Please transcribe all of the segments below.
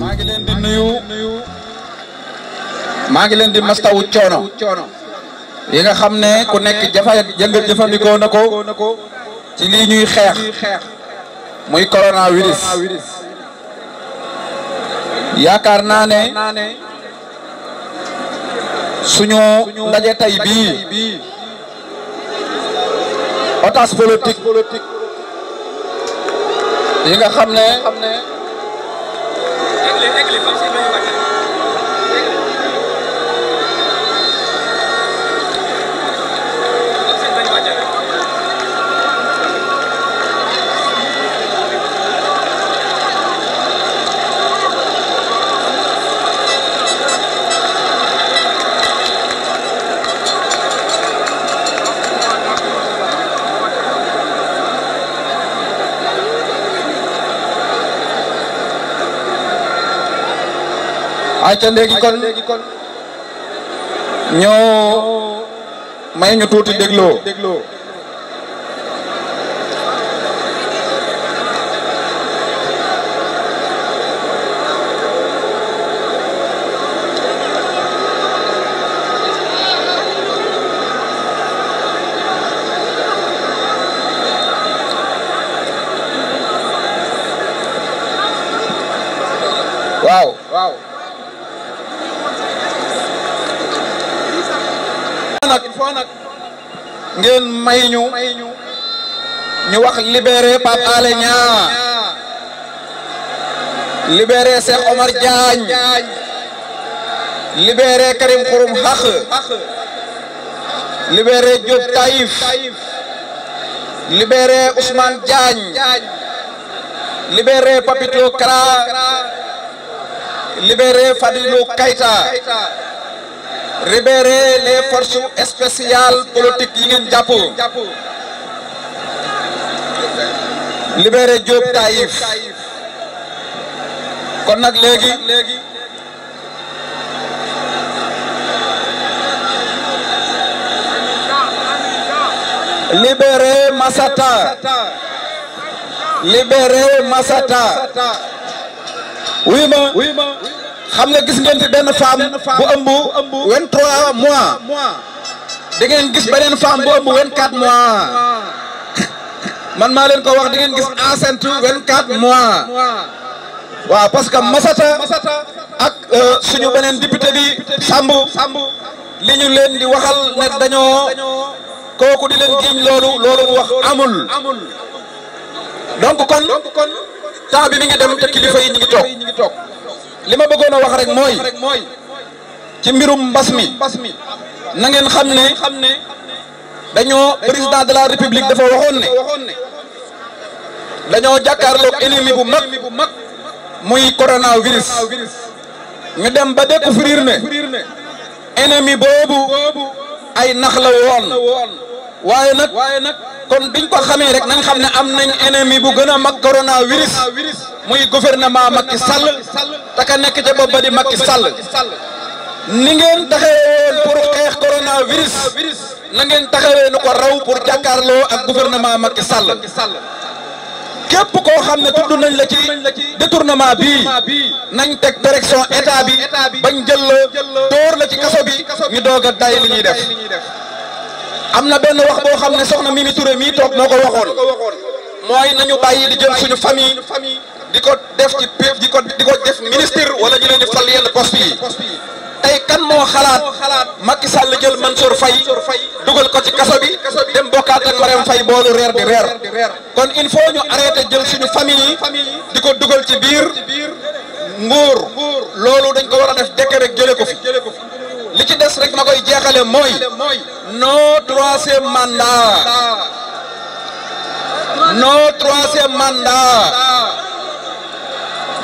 maa ngi leen di nuyu maa ngi leen di mastawu coono yi nga xam ne ku nekk jafa jënga jëfandikoo na ko ci li ñuy xeex muy coronavirus yaakaar naa ne suñu ndaje tey bii otage politique yi nga xam ne ayca léegi kon ñoo may ñu tuuti dégloo. jox ngeen may ñu wax libéré Pape Alé Niang libéré Omar Diagne libéré Karim Xurum Xax libéré Diop Taïf libéré Ousmane Diagne libéré Papito Kara libéré Fadilou Keita libérer les forces spéciales politiques du Japon. Diop Taïf kon libérer Massata libérer Massata oui oui ma xam nga gis ngeen ci ben femme bu ëmbu 23 mois da ngeen gis benen femme bu ëmbu 24 mois man ma leen ko wax da ngeen gis enceinte 24 mois wa parce que Massata ak euh, suñu benen député bi sambu liñu leen di waxal ne dañoo koku di leen giñ lolu lolu mu wax amul donc kon ta bi mi ngi dem te kilifa yi ñi ngi tok li ma bëggoon a wax rek mooy ci mbirum mbas mi na ngeen xam ne dañoo président de la république dafa waxoon ne dañoo jàkkaarloog ennemi bu mag muy coronavirus ñu dem ba découvrir ne ennemi boobu ay nax la woon. waaye nag waaye nag kon biñ ko xamee rek nañ xam ne am nañ ennemi bu gën a mag coronavirus muy gouvernement Macky Sall te ka nekk ca bopp ba di Macky Sall ni ngeen taxawee woon pour xeex coronavirus na ngeen taxawee nu ko raw pour jàkkaarloo ak gouvernement Macky Sall képp koo xam ne tudd nañ la ci détournement bi nañ teg direction état bi bañ jël la dóor la ci kaso bi ñu doog a day li ñuy def. am na benn wax boo xam ne soxna Mimi Touré mii toog moo ko waxoon mooy nañu bàyyi di jël suñu famille di ko def ci di ko di ko def ministre wala ñu leen di fal yenn poste yi tey kan moo xalaat Macky Sall jël Mansour Faye dugal ko ci kaso bi dem bokkaat ak Marème Faye boolu reer di reer kon il faut ñu arrêté jël suñu famille yi di ko dugal ci biir nguur loolu dañ ko war a def décret rek jële ko fi ci des rek ma koy jeexale mooy non troisième mandat non troisième mandat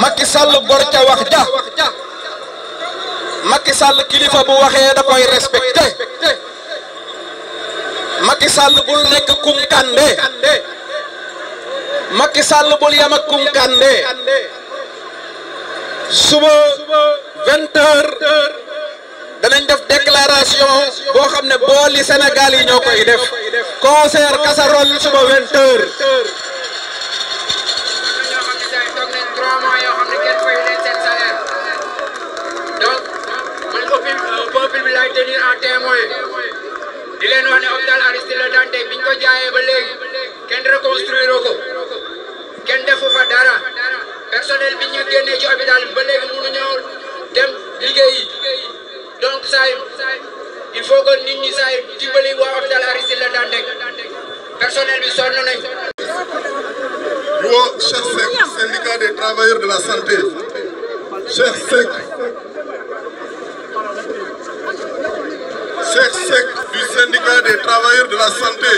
Macky Sall bor ca wax ja Macky Sall kilifa bu waxee da koy respecté Macky Sall bul nekk kum kande Macky Sall bul yam kum kande suba vingt danañ def déclaration boo xam ne booli Sénégal yi ñoo koy def concert casserole suba 20 heures. Euh, di leen wax ne hôpital Aristide Le Dantec biñ ko jaayee ba léegi kenn reconstruire ko kenn defu fa dara personnel bi ñu génnee ci hôpital bi ba léegi mënuñoo dem liggéeyi. donc ça il faut que nit ñi saa voir dimbali la hôpital Aristide Le personnel bi sonn nañ. sec du syndicat des travailleurs de la santé Chef sec. Chef sec du syndicat des travailleurs de la santé.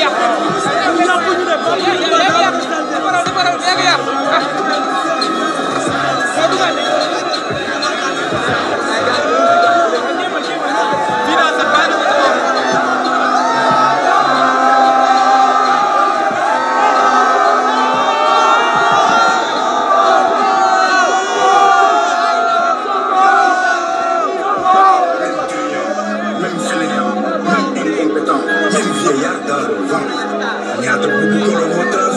yàq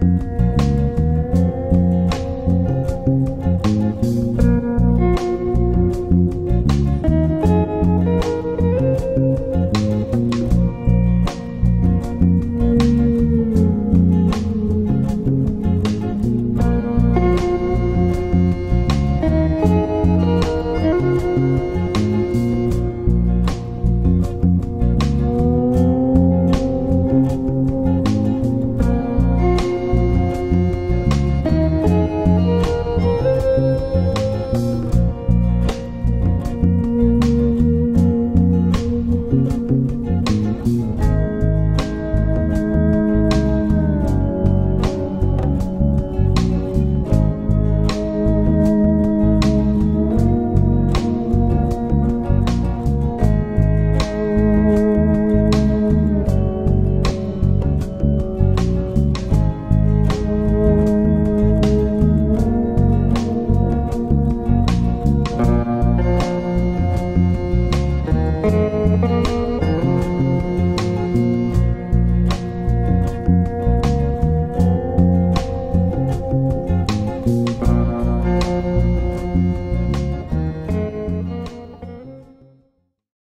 thank you